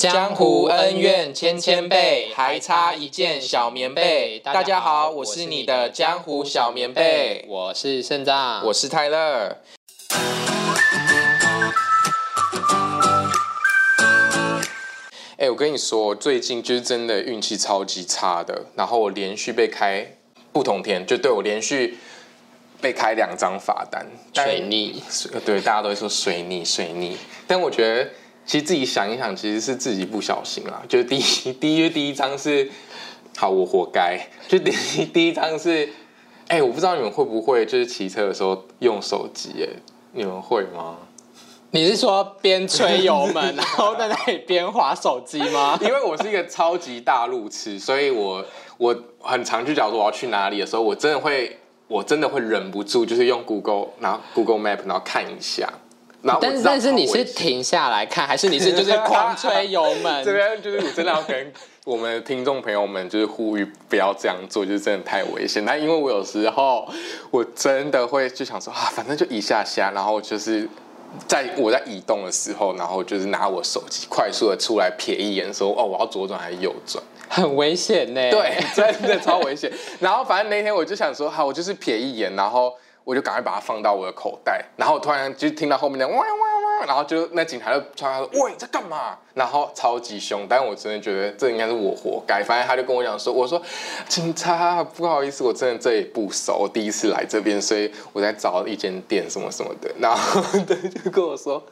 江湖恩怨千千倍，還差一件小棉被。大家好，我是你的江湖小棉被。我是勝仗，我是泰勒。哎、欸，我跟你說，最近就是真的運氣超級差的，然後我連續被開，不同天就對我連續被開兩張罰單，水逆。對，大家都會說水逆，水逆，但我覺得。其實自己想一想，其實是自己不小心啦。就第一第一，因為第一張是，好，我活該。就第一，第一張是，哎、欸，我不知道你們會不會就是騎車的時候用手機？哎，你們會嗎？你是說邊吹油門， 然後在那裡邊滑手機嗎？ 因為我是一個超級大路痴，所以我我很常就講說我要去哪裡的時候，我真的會我真的會忍不住，就是用 Google 然後 Google Map 然後看一下。但但是你是停下來看，還是你是就是狂吹油門？ 這邊就是我真的要跟我們的聽眾朋友們就是呼籲不要這樣做，就是真的太危險。那 因為我有時候我真的會就想說啊，反正就一下下，然後就是在我在移動的時候，然後就是拿我手機快速的出來瞥一眼說，說哦，我要左轉還是右轉，很危險呢、欸。對，真的超危險。 然後反正那天我就想說，好，我就是瞥一眼，然後。我就趕快把它放到我的口袋，然後突然就聽到後面的哇哇哇，然後就那警察就突然說：“喂，你在幹嘛？”然後超級凶，但我真的覺得這應該是我活該。反正他就跟我講說：“我說警察，不好意思，我真的這裡不熟，我第一次來這邊，所以我在找一間店什麼什麼的。”然後他就跟我說，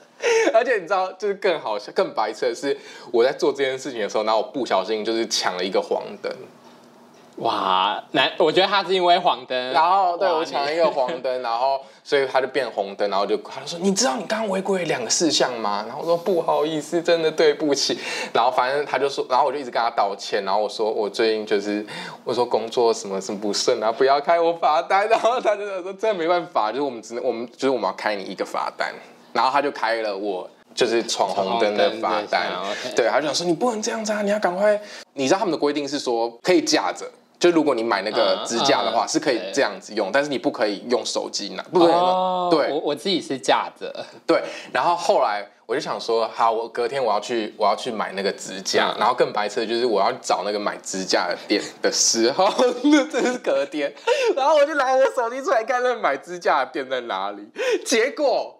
而且你知道，就是更好笑、更白痴的是，我在做這件事情的時候，然後我不小心就是搶了一個黃燈。哇，那我覺得他是因為黃燈，然後對我搶了一個黃燈， 然後所以他就變紅燈，然後就他就說：“你知道你剛剛違規兩個事項嗎？”然後我說：“不好意思，真的對不起。”然後反正他就說，然後我就一直跟他道歉，然後我說：“我最近就是我說工作什麼什麼不順啊，不要開我罰單。”然後他就想說：“真的沒辦法，就是我們只能我們就是我們要開你一個罰單。”然後他就開了我就是闖紅燈的罰單、okay，對，他就想說：“你不能這樣子啊，你要趕快。”你知道他們的規定是說可以架着，就如果你買那個支架的話，嗯嗯、是可以這樣子用，但是你不可以用手機拿，不可以、哦。對，我我自己是架著。對，然後後來我就想說，好，我隔天我要去，我要去買那個支架。啊、然後更白痴的就是，我要找那個買支架的店的時候，那 這 是隔天。然後我就拿我的手機出來看，那個買支架的店在哪裡？結果。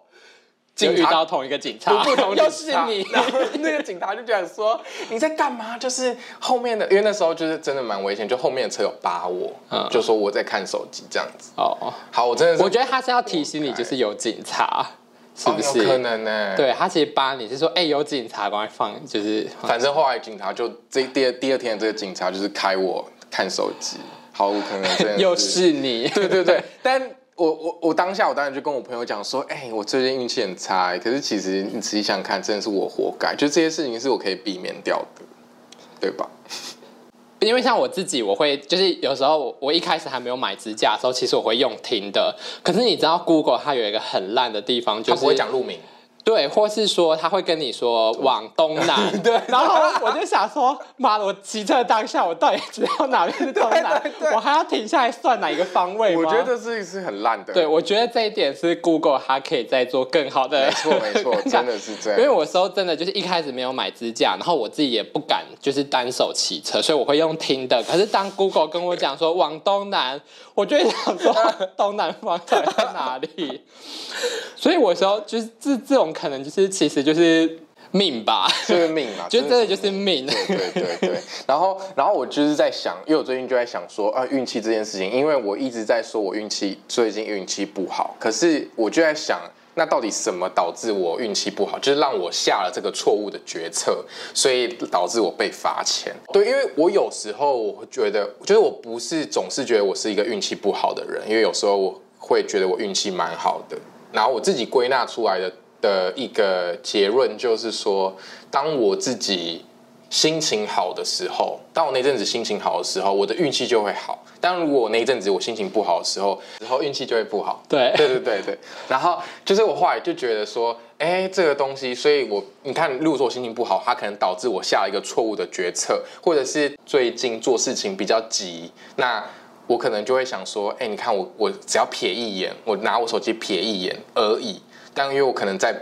就遇到同一個警察， 同 又是你。 那個警察就覺得說你在幹嘛？就是後面的，因為那時候就是真的蠻危險，就後面的車有扒我、嗯，就說我在看手機這樣子。哦，好，我真的是，我覺得他是要提醒你，就是有警察，是不是、啊？可能呢、欸。對，他其實扒你就是說，哎，有警察過來放，就是反正後來警察就這第二第二天的這個警察就是開我看手機，毫無可能。 又是你，對對對,對， 但。我我我當下我當然就跟我朋友講說，哎、欸，我最近運氣很差、欸，可是其實你仔細想看，真的是我活該，就這些事情是我可以避免掉的，對吧？因為像我自己，我會就是有時候我，我一開始還沒有買支架的時候，其實我會用聽的，可是你知道，Google 它有一個很爛的地方，就是它不會講路名。對，或是說他會跟你說往東南，對。對，然後我就想說， 媽的，我騎車當下我到底知道哪邊是東南對對對？我還要停下來算哪一個方位嗎？我覺得這事是很爛的。對，我覺得這一點是 Google 還可以再做更好的。沒錯，沒錯，真的是這樣。 因為我說真的，就是一開始沒有買支架，然後我自己也不敢就是單手騎車，所以我會用聽的。可是當 Google 跟我講說往東南，我就想說東南方向在，在哪裡？ 所以我說，就是這這種。可能就是，其實就是命吧，就是命嘛。就真的就是命，對對對、對。 然後，然後我就是在想，因為我最近就在想說，啊，運氣這件事情，因為我一直在說我運氣最近運氣不好，可是我就在想，那到底什麼導致我運氣不好？就是讓我下了這個錯誤的決策，所以導致我被罰錢。對，因為我有時候我會覺得，就是我不是總是覺得我是一個運氣不好的人，因為有時候我會覺得我運氣蠻好的。然後我自己歸納出來的的一個結論就是說，當我自己心情好的時候，當我那陣子心情好的時候，我的運氣就會好；但如果我那一陣子我心情不好的時候，然後運氣就會不好。對，對，對，對，對，對，對，然後就是我後來就覺得說，哎、欸，這個東西，所以我你看，如果說我心情不好，它可能導致我下一個錯誤的決策，或者是最近做事情比較急，那我可能就會想說，哎、欸，你看我，我只要瞥一眼，我拿我手機瞥一眼而已。但因為我可能在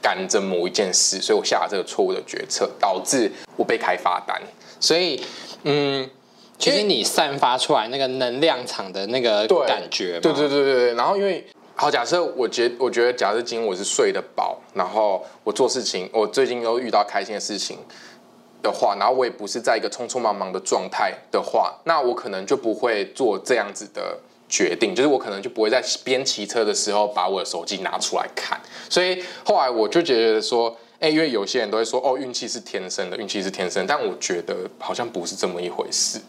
趕着某一件事，所以我下了這個錯誤的決策，導致我被開罰單。所以，嗯，其實你散發出來那個能量場的那個感覺，對對對對對。然後因為，好，假設我覺我覺得，覺得假設今天我是睡得飽，然後我做事情，我最近又遇到開心的事情的話，然後我也不是在一個匆匆忙忙的狀態的話，那我可能就不會做這樣子的。決定，就是我可能就不會在邊騎車的時候把我的手機拿出來看，所以後來我就覺得說，哎、欸，因為有些人都會說，哦，運氣是天生的，運氣是天生，但我覺得好像不是這麼一回事。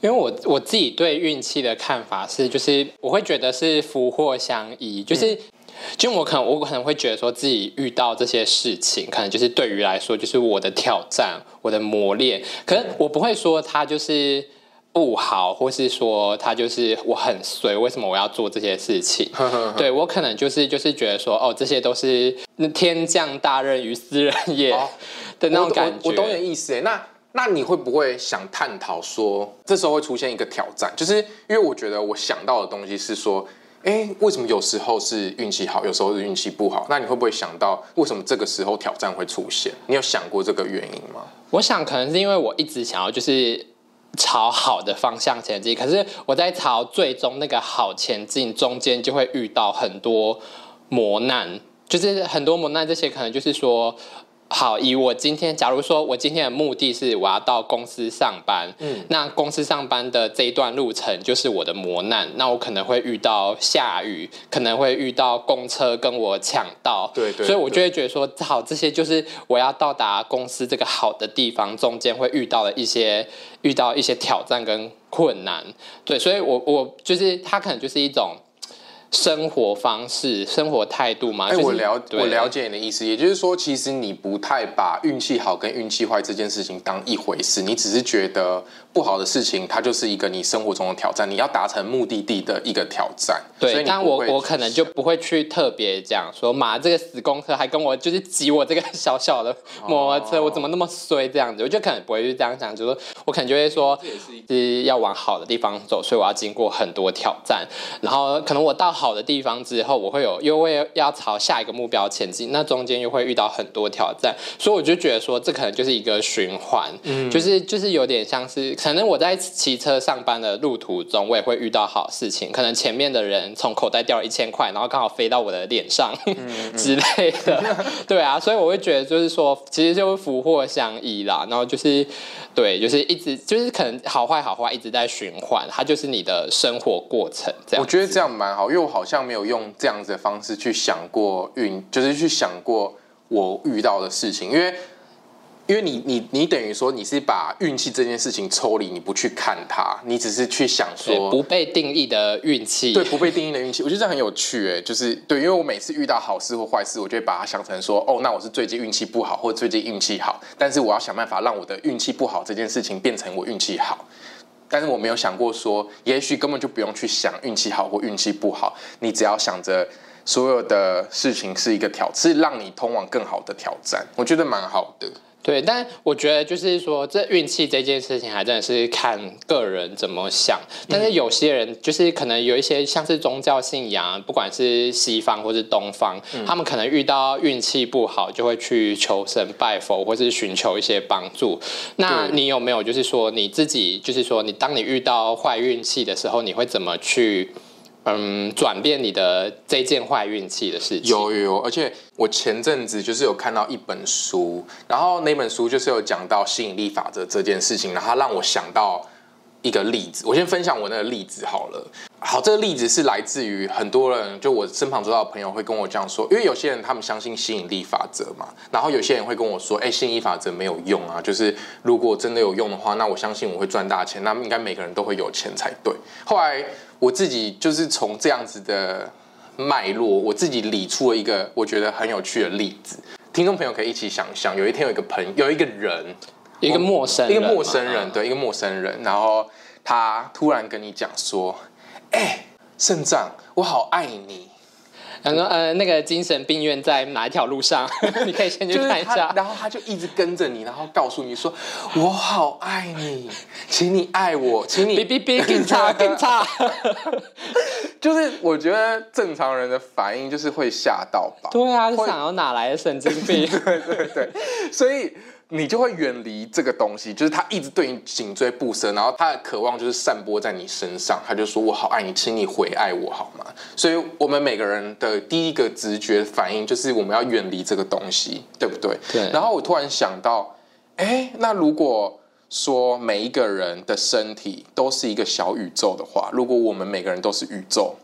因為我我自己對運氣的看法是，就是我會覺得是福禍相依，就是、嗯、就我可能我可能會覺得說自己遇到這些事情，可能就是對於來說就是我的挑戰，我的磨練，可是我不會說它就是。嗯不好，或是說他就是我很衰，為什麼我要做這些事情？ 對，我可能就是就是覺得說哦，這些都是天降大任於斯人也的那種感覺，哦我我。我懂你的意思，那那你會不會想探討說，這時候會出現一個挑戰，就是因為我覺得我想到的東西是說，欸、為什麼有時候是運氣好，有時候是運氣不好？那你會不會想到為什麼這個時候挑戰會出現？你有想過這個原因嗎？我想可能是因為我一直想要就是。朝好的方向前進，可是我在朝最終那個好前進，中間就會遇到很多磨難，就是很多磨難，這些可能就是說。好，以我今天，假如說我今天的目的，是我要到公司上班。嗯，那公司上班的這一段路程，就是我的磨難。那我可能會遇到下雨，可能會遇到公車跟我搶道。對對，對，所以我就會覺得說，好，這些就是我要到達公司這個好的地方中間會遇到的一些遇到一些挑戰跟困難。對，所以我我就是，它可能就是一種。生活方式、生活態度嘛？哎、欸就是，我了，我了解你的意思，也就是說，其實你不太把運氣好跟運氣壞這件事情當一回事，你只是覺得不好的事情，它就是一個你生活中的挑戰，你要達成目的地的一個挑戰。對，所以但我我可能就不會去，不會去特別講說，媽，這個死公車還跟我就是擠我這個小小的摩托車、哦，我怎麼那麼衰這樣子？我就可能不會去這樣講，就是說我可能就會說，這也是，一就是要往好的地方走，所以我要經過很多挑戰，然後可能我到。好的地方之後，我會有因為要朝下一個目標前進，那中間又會遇到很多挑戰，所以我就覺得說，這可能就是一個循環，嗯，就是就是有點像是，可能我在騎車上班的路途中，我也會遇到好事情，可能前面的人從口袋掉了一千塊，然後剛好飛到我的臉上、嗯、 之類的、嗯嗯，對啊，所以我會覺得就是說，其實就福禍相依啦，然後就是對，就是一直就是可能好壞好壞一直在循環，它就是你的生活過程，這樣我覺得這樣蠻好，因為我。我好像沒有用這樣子的方式去想過運，就是去想過我遇到的事情，因為因為你你你等於說你是把運氣這件事情抽離，你不去看它，你只是去想說，對，不被定義的運氣，對，不被定義的運氣，我覺得這很有趣哎、欸，就是對，因為我每次遇到好事或壞事，我就會把它想成說，哦，那我是最近運氣不好，或最近運氣好，但是我要想辦法讓我的運氣不好這件事情變成我運氣好。但是我沒有想過說，也許根本就不用去想運氣好或運氣不好，你只要想着。所有的事情是一個挑戰，是讓你通往更好的挑戰，我覺得蠻好的。對，但我覺得就是說，這運氣這件事情還真的是看個人怎麼想。但是有些人就是可能有一些像是宗教信仰，嗯、不管是西方或是東方，嗯、他們可能遇到運氣不好就會去求神拜佛，或是尋求一些幫助。那你有沒有就是說你自己就是說你當你遇到壞運氣的時候，你會怎麼去？嗯，轉變你的這件壞運氣的事情。有有，而且我前陣子就是有看到一本書，然後那本書就是有講到吸引力法則這件事情，然後它讓我想到。一個例子，我先分享我那個例子好了。好，這個例子是來自於很多人，就我身旁周到的朋友會跟我這樣說，因為有些人他們相信吸引力法則嘛，然後有些人會跟我說，哎，吸引力法則沒有用啊，就是如果真的有用的話，那我相信我會賺大錢，那應該每個人都會有錢才對。後來我自己就是從這樣子的脈絡，我自己理出了一個我覺得很有趣的例子，聽眾朋友可以一起想象，有一天有一個朋友，有一個人。一個陌生、哦，一個陌生人、啊，對，一個陌生人。然後他突然跟你講說：“哎、嗯，腎、欸、臟，我好愛你。嗯”然後呃，那個精神病院在哪一條路上？ 你可以先去看一下。就是、然後他就一直跟着你，然後告訴你說：“我好愛你，請你愛我，請你……”別別別警察，警察。就是我覺得正常人的反應就是會嚇到吧？對啊，他想要哪來的神經病？ 對對對，所以。你就會遠離這個東西，就是他一直對你緊追不捨，然後他的渴望就是散播在你身上，他就說：“我好愛你，請你回愛我好嗎？”所以，我們每個人的第一個直覺反應就是我們要遠離這個東西，對不對？對啊。然後我突然想到，誒，那如果說每一個人的身體都是一個小宇宙的話，如果我們每個人都是宇宙，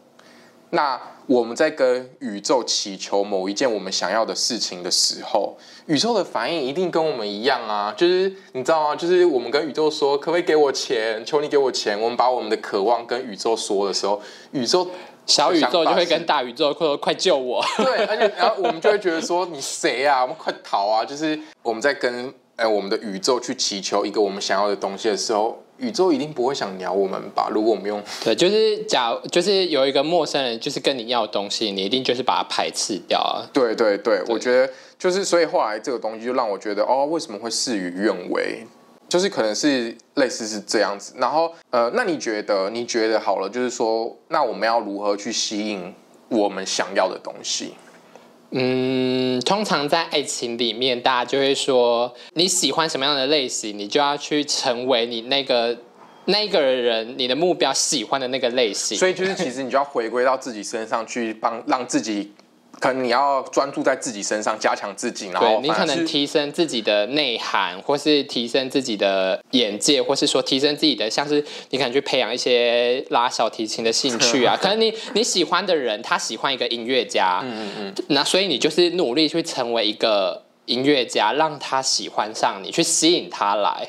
那。我們在跟宇宙祈求某一件我們想要的事情的時候，宇宙的反應一定跟我們一樣啊！就是你知道嗎？就是我們跟宇宙說，可不可以給我錢？求你給我錢！我們把我們的渴望跟宇宙說的時候，宇宙小宇宙就會跟大宇宙說：“快救我！”對，而且然後我們就會覺得說：“ 你誰啊？我們快逃啊！”就是我們在跟。哎、欸，我們的宇宙去祈求一個我們想要的東西的時候，宇宙一定不會想鳥我們吧？如果我們用對，就是假，就是有一個陌生人，就是跟你要的東西，你一定就是把它排斥掉啊。對對對，對我覺得就是，所以後來這個東西就讓我覺得，哦，為什麼會事與願違？就是可能是類似是這樣子。然後，呃，那你覺得？你覺得好了，就是說，那我們要如何去吸引我們想要的東西？嗯，通常在愛情裡面，大家就會說你喜歡什麼樣的類型，你就要去成為你那個那個人，你的目標喜歡的那個類型。所以就是，其實你就要回歸到自己身上去，幫讓自己。可能你要專注在自己身上，加強自己，然後你可能提升自己的內涵，或是提升自己的眼界，或是說提升自己的，像是你可能去培養一些拉小提琴的興趣啊。 可能你你喜歡的人，他喜歡一個音樂家，嗯嗯嗯，那所以你就是努力去成為一個音樂家，讓他喜歡上你，去吸引他來。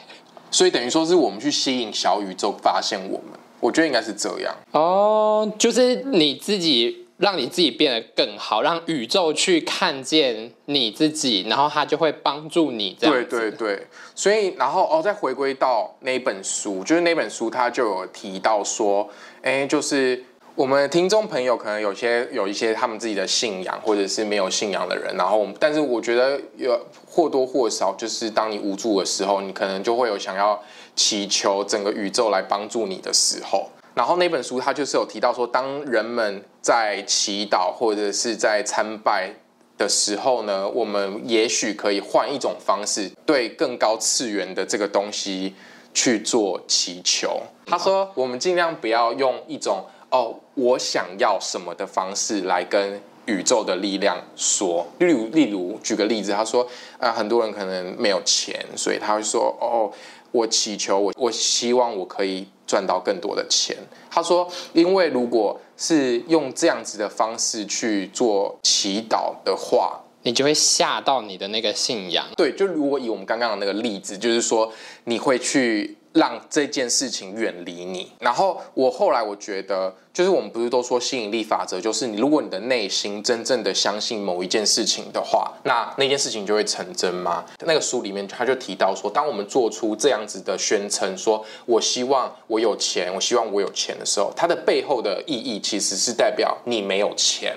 所以等於說，是我們去吸引小宇宙，發現我們。我覺得應該是這樣哦，oh, 就是你自己。讓你自己變得更好，讓宇宙去看見你自己，然後它就會幫助你。這樣子。對對對。所以，然後哦，再回歸到那本書，就是那本書，它就有提到說，哎，就是我們聽眾朋友可能有些有一些他們自己的信仰，或者是沒有信仰的人，然後但是我覺得有或多或少，就是當你無助的時候，你可能就會有想要祈求整個宇宙來幫助你的時候。然後那本書他就是有提到說，當人們在祈禱或者是在參拜的時候呢，我們也許可以換一種方式對更高次元的這個東西去做祈求。他說，我們盡量不要用一種“哦，我想要什麼”的方式來跟宇宙的力量說。例如，例如舉個例子，他說，呃，很多人可能沒有錢，所以他會說：“哦，我祈求我，我希望我可以。”賺到更多的錢。他說：“因為如果是用這樣子的方式去做祈禱的話，你就會嚇到你的那個信仰。”對，就如果以我們剛剛的那個例子，就是說你會去。讓這件事情遠離你。然後我後來我覺得，就是我們不是都說吸引力法則，就是你如果你的內心真正的相信某一件事情的話，那那件事情就會成真嗎？那個書裡面他就提到說，當我們做出這樣子的宣稱，說我希望我有錢，我希望我有錢的時候，它的背後的意義其實是代表你沒有錢。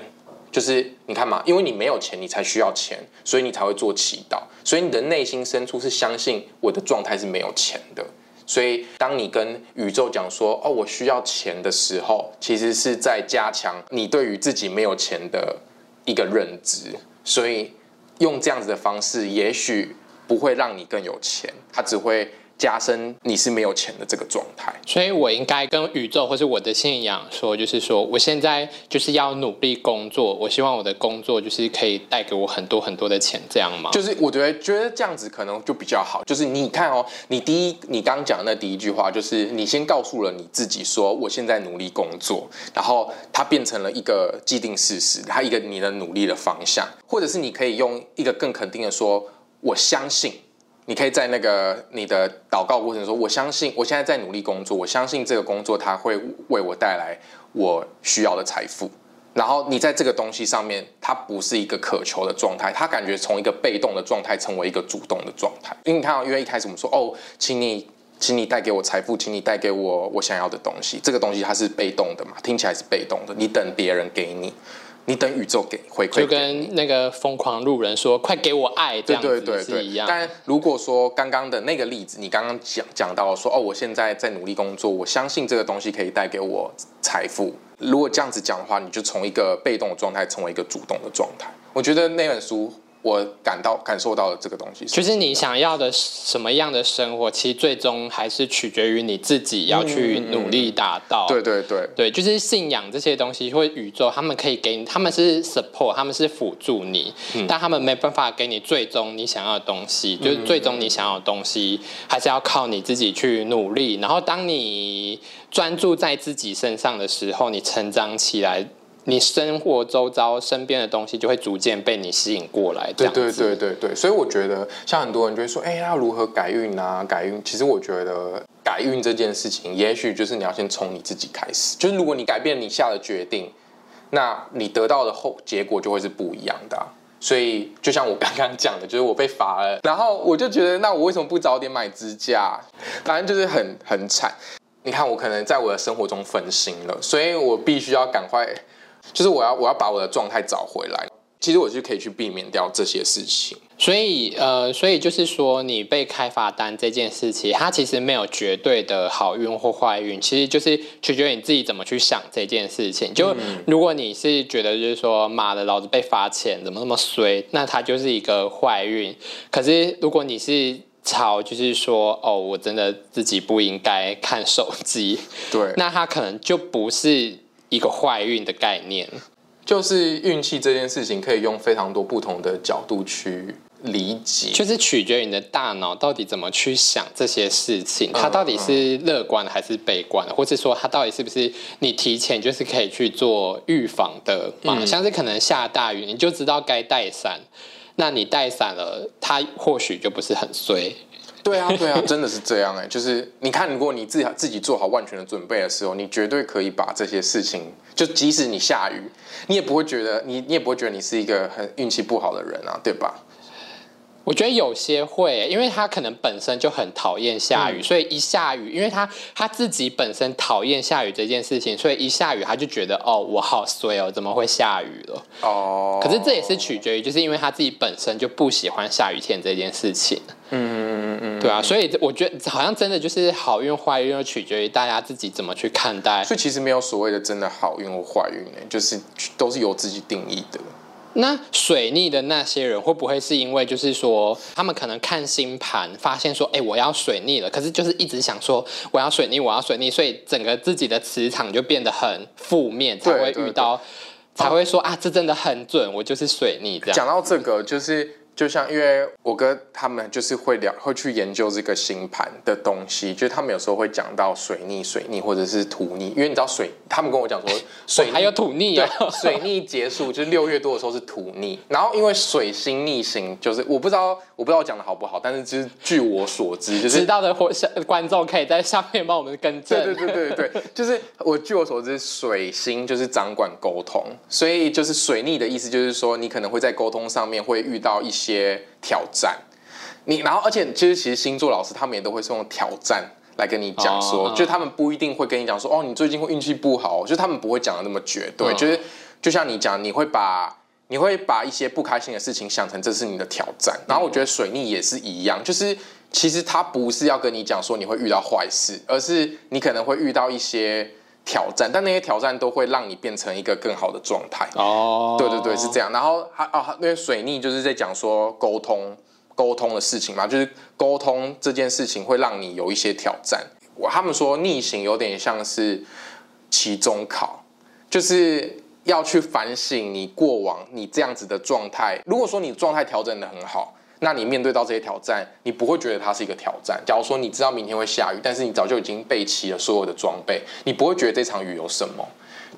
就是你看嘛，因為你沒有錢，你才需要錢，所以你才會做祈禱，所以你的內心深處是相信我的狀態是沒有錢的。所以，當你跟宇宙講說“哦，我需要錢”的時候，其實是在加強你對於自己沒有錢的一個認知。所以，用這樣子的方式，也許不會讓你更有錢，它只會。加深你是沒有錢的這個狀態，所以我應該跟宇宙或是我的信仰說，就是說我現在就是要努力工作，我希望我的工作就是可以帶給我很多很多的錢，這樣嗎？就是我覺得覺得這樣子可能就比較好。就是你看哦，你第一，你剛講的那第一句話，就是你先告訴了你自己說，我現在努力工作，然後它變成了一個既定事實，它一個你的努力的方向，或者是你可以用一個更肯定的說，我相信。你可以在那個你的禱告過程中說，我相信我現在在努力工作，我相信這個工作它會為我帶來我需要的財富。然後你在這個東西上面，它不是一個渴求的狀態，它感覺從一個被動的狀態成為一個主動的狀態。因為你看到，因為一開始我們說，哦，請你，請你帶給我財富，請你帶給我我想要的東西，這個東西它是被動的嘛。聽起來是被動的，你等別人給你。你等宇宙給回饋，就跟那個瘋狂路人說：“快給我愛，這樣子對對對對是一樣。”但如果說剛剛的那個例子，你剛剛講講到說：“哦，我現在在努力工作，我相信這個東西可以帶給我財富。”如果這樣子講的話，你就從一個被動的狀態成為一個主動的狀態。我覺得那本書。我感到感受到的這個東西，就是你想要的什麼樣的生活，其實最終還是取決於你自己要去努力達到、嗯嗯嗯。對對對，對，就是信仰這些東西或宇宙，他們可以給你，他們是 support，他們是輔助你、嗯，但他們沒辦法給你最終你想要的東西。嗯、就是最終你想要的東西，還是要靠你自己去努力。嗯、然後當你專注在自己身上的時候，你成長起來，你生活周遭身邊的東西就會逐漸被你吸引過來。對對對對對，所以我覺得像很多人就會說，哎、欸、呀，那如何改運啊？改運，其實我覺得改運這件事情，也許就是你要先從你自己開始。就是如果你改變你下的決定，那你得到的後結果就會是不一樣的啊。所以就像我剛剛講的，就是我被罰了，然後我就覺得，那我為什麼不早點買支架？反正就是很很慘。你看，我可能在我的生活中分心了，所以我必須要趕快。就是我要我要把我的狀態找回來，其實我就可以去避免掉這些事情。所以呃，所以就是說，你被開罰單這件事情，它其實沒有絕對的好運或壞運，其實就是取決於你自己怎麼去想這件事情。就、嗯、如果你是覺得就是說，媽的，老子被罰錢，怎麼那麼衰，那它就是一個壞運。可是如果你是超，就是說，哦，我真的自己不應該看手機，對，那它可能就不是一個壞運的概念，就是運氣這件事情可以用非常多不同的角度去理解，就是取決於你的大腦到底怎麼去想這些事情，嗯、它到底是樂觀還是悲觀的，或是說它到底是不是你提前就是可以去做預防的嘛、嗯？像是可能下大雨你就知道該帶傘，那你帶傘了，它或許就不是很衰。 對啊，對啊，真的是這樣欸，就是你看，如果你自己自己做好萬全的準備的時候，你絕對可以把這些事情，就即使你下雨，你也不會覺得你你也不會覺得你是一個很運氣不好的人啊，對吧？我覺得有些會、欸，因為他可能本身就很討厭下雨、嗯，所以一下雨，因為他他自己本身討厭下雨這件事情，所以一下雨他就覺得哦，我好衰哦，怎麼會下雨了？哦，可是這也是取決於，就是因為他自己本身就不喜歡下雨天這件事情。嗯嗯嗯，嗯，嗯，對啊，所以我覺得好像真的就是好運壞運，又取決於大家自己怎麼去看待。所以其實沒有所謂的真的好運或壞運呢，就是都是由自己定義的。那水逆的那些人會不會是因為，就是說他們可能看星盤發現說，哎，我要水逆了，可是就是一直想說我要水逆，我要水逆，所以整個自己的磁場就變得很負面，才會遇到，才會說啊，這真的很準，我就是水逆，這樣。講到這個，就是。就像因為我跟他們就是會聊，會去研究這個星盤的東西，就是、他們有時候會講到水逆、水逆或者是土逆，因為你知道水，他們跟我講說水、哦、還有土逆啊、哦。水逆結束 就是六月多的時候是土逆，然後因為水星逆行，就是我不知道，我不知道我講的好不好，但是就是據我所知，就是知道的或下觀眾可以在下面幫我們更正。對對對對對， 就是我據我所知，水星就是掌管溝通，所以就是水逆的意思就是說你可能會在溝通上面會遇到一些。些挑戰，你然後而且其實其實星座老師他們也都會是用挑戰來跟你講說，oh, oh, oh. 就他們不一定會跟你講說哦，你最近會運氣不好，就他們不會講的那麼絕對，oh. 就是就像你講，你會把你會把一些不開心的事情想成這是你的挑戰，然後我覺得水逆也是一樣，oh. 就是其實他不是要跟你講說你會遇到壞事，而是你可能會遇到一些。挑戰，但那些挑戰都會讓你變成一個更好的狀態。哦、oh.，對對對，是這樣。然後還啊，那、啊、些水逆就是在講說溝通、溝通的事情嘛，就是溝通這件事情會讓你有一些挑戰。我他們說逆行有點像是期中考，就是要去反省你過往你這樣子的狀態。如果說你狀態調整得很好，那你面對到這些挑戰，你不會覺得它是一個挑戰。假如說你知道明天會下雨，但是你早就已經備齊了所有的裝備，你不會覺得這場雨有什麼。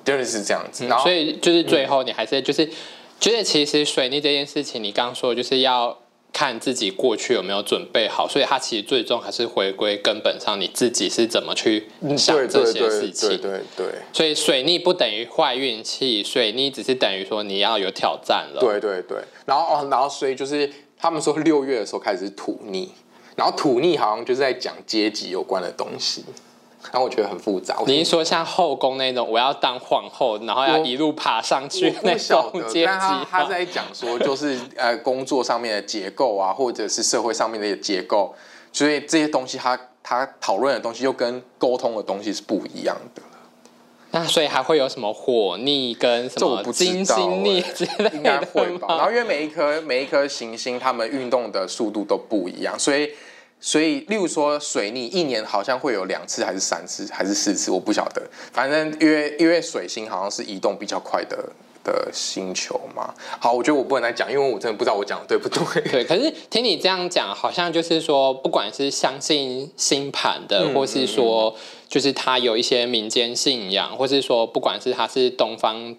第、就、二是這樣子，然後、嗯，所以就是最後你還是就是、嗯、就是其實水逆這件事情，你剛說的就是要看自己過去有沒有準備好，所以它其實最終還是回歸根本上你自己是怎麼去想這些事情。嗯、對對，對，對，對。所以水逆不等於壞運氣，水逆只是等於說你要有挑戰了。對對對。然後哦，然後所以就是。他們說六月的時候開始是土逆，然後土逆好像就是在講階級有關的東西，但我覺得很複雜。你一說像後宮那種，我要當皇後，然後要一路爬上去，那種階級，他在講說就是呃工作上面的結構啊， 或者是社會上面的結構，所以這些東西他他討論的東西又跟溝通的東西是不一樣的。那所以還會有什麼火逆跟什麼金星逆之類的，這我不知道欸，應該會吧。 然後因為每一顆每一顆行星，它們運動的速度都不一樣，所以所以例如說水逆一年好像會有兩次還是三次還是四次，我不曉得。反正因為因為水星好像是移動比較快的。的星球嘛，好，我覺得我不能來講，因為我真的不知道我講的對不對。對，可是聽你這樣講，好像就是說，不管是相信星盤的、嗯，或是說，就是他有一些民間信仰，或是說，不管是他是東方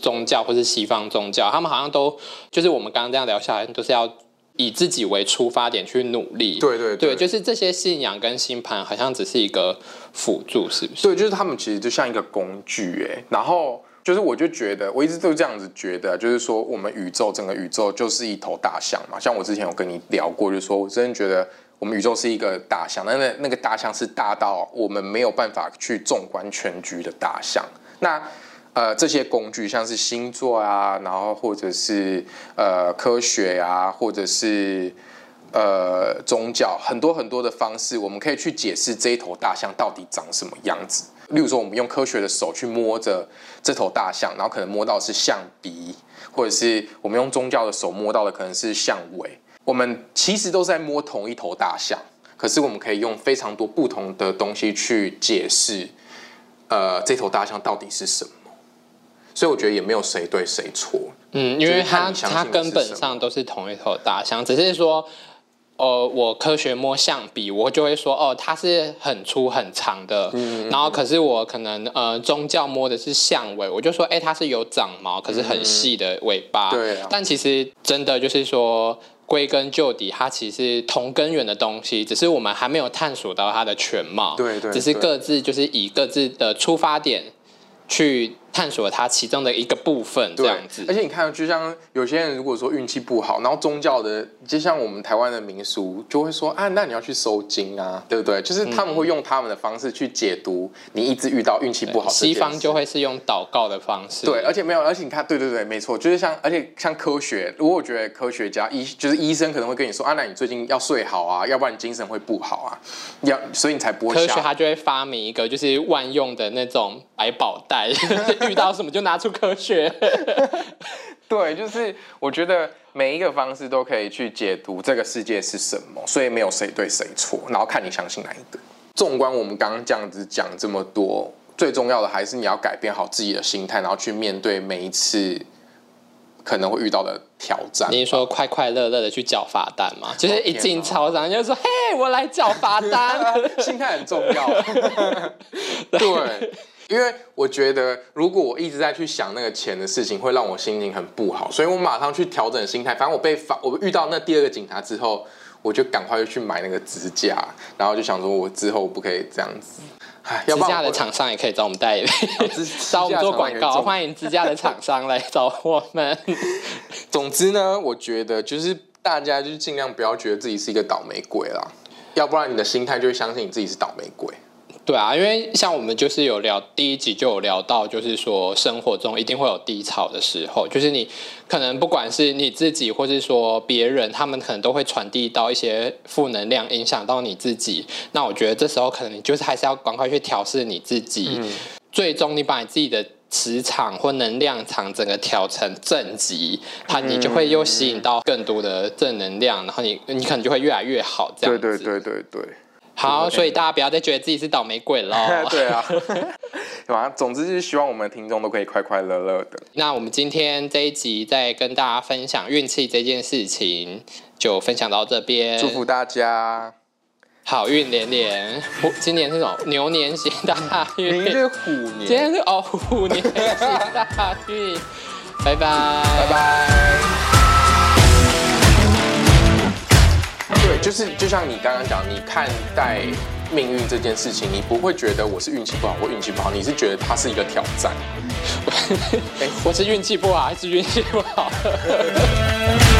宗教，或是西方宗教，他們好像都就是我們剛剛這樣聊下來，都是要以自己為出發點去努力。對對對，對，就是這些信仰跟星盤好像只是一個輔助，是不是？所以就是他們其實就像一個工具、欸，哎，然後。就是，我就覺得，我一直都這樣子覺得，就是說，我們宇宙整個宇宙就是一頭大象嘛。像我之前有跟你聊過，就是說，我真的覺得我們宇宙是一個大象，那那那個大象是大到我們沒有辦法去縱觀全局的大象。那呃，這些工具像是星座啊，然後或者是呃科學啊，或者是。呃，宗教很多很多的方式，我們可以去解釋這一頭大象到底長什麼樣子。例如說，我們用科學的手去摸着這頭大象，然後可能摸到是象鼻，或者是我們用宗教的手摸到的可能是象尾。我們其實都是在摸同一頭大象，可是我們可以用非常多不同的東西去解釋，呃，這頭大象到底是什麼。所以我覺得也沒有誰對誰錯。嗯，因為它它、就是、根本上都是同一頭大象，只是說。呃、哦，我科學摸象鼻，我就會說，哦，它是很粗很長的。嗯、然後，可是我可能，呃，宗教摸的是象尾，我就說，哎、欸，它是有長毛，可是很細的尾巴。對、嗯。但其實真的就是說，歸根究底，它其實同根源的東西，只是我們還沒有探索到它的全貌。對對，對。只是各自就是以各自的出發點去。探索它其中的一個部分這樣子對，而且你看，就像有些人如果說運氣不好，然後宗教的，就像我們台灣的民俗就會說啊，那你要去收驚啊，對不對？就是他們會用他們的方式去解讀你一直遇到運氣不好的。西方就會是用禱告的方式，對，而且沒有，而且你看，對對對，沒錯，就是像，而且像科學，如果我覺得科學家醫就是醫生可能會跟你說啊，那你最近要睡好啊，要不然你精神會不好啊，要所以你才不會。科學他就會發明一個就是萬用的那種百寶袋。 遇到什麼就拿出科學 ，對，就是我覺得每一個方式都可以去解讀這個世界是什麼，所以沒有誰對誰錯，然後看你相信哪一個。縱觀我們剛剛這樣子講這麼多，最重要的還是你要改變好自己的心態，然後去面對每一次可能會遇到的挑戰。你說快快樂樂的去繳罰單嘛？就是一進超商就說：“ okay、嘿，我來繳罰單。 ”心態很重要。 對。因為我覺得，如果我一直在去想那個錢的事情，會讓我心情很不好，所以我馬上去調整心態。反正我被罰，我遇到那第二個警察之後，我就趕快就去買那個支架，然後就想說，我之後我不可以這樣子。支架的廠商也可以找我們代言， 找我們做廣告，歡迎支架的廠商來找我們。 總之呢，我覺得就是大家就盡量不要覺得自己是一個倒霉鬼啦，要不然你的心態就會相信你自己是倒霉鬼。對啊，因為像我們就是有聊第一集就有聊到，就是說生活中一定會有低潮的時候，就是你可能不管是你自己，或是說別人，他們可能都會傳遞到一些負能量，影響到你自己。那我覺得這時候可能你就是還是要趕快去調適你自己，嗯、最終你把你自己的磁場或能量場整個調成正極，它你就會又吸引到更多的正能量，嗯、然後你你可能就會越來越好。這樣子。對對對對對、對。好，okay, 所以大家不要再覺得自己是倒霉鬼囉。 對啊，好，總之就是希望我們聽眾都可以快快樂樂的。那我們今天這一集再跟大家分享運氣這件事情，就分享到這邊，祝福大家好運連連、 哦。今年是什麼牛年行大運，明年虎年，今天是哦虎年行大運。拜 拜，拜拜。就是就像你剛剛講，你看待命運這件事情，你不會覺得我是運氣不好或運氣不好，你是覺得它是一個挑戰。嗯 欸，我是運氣不好還是運氣不好？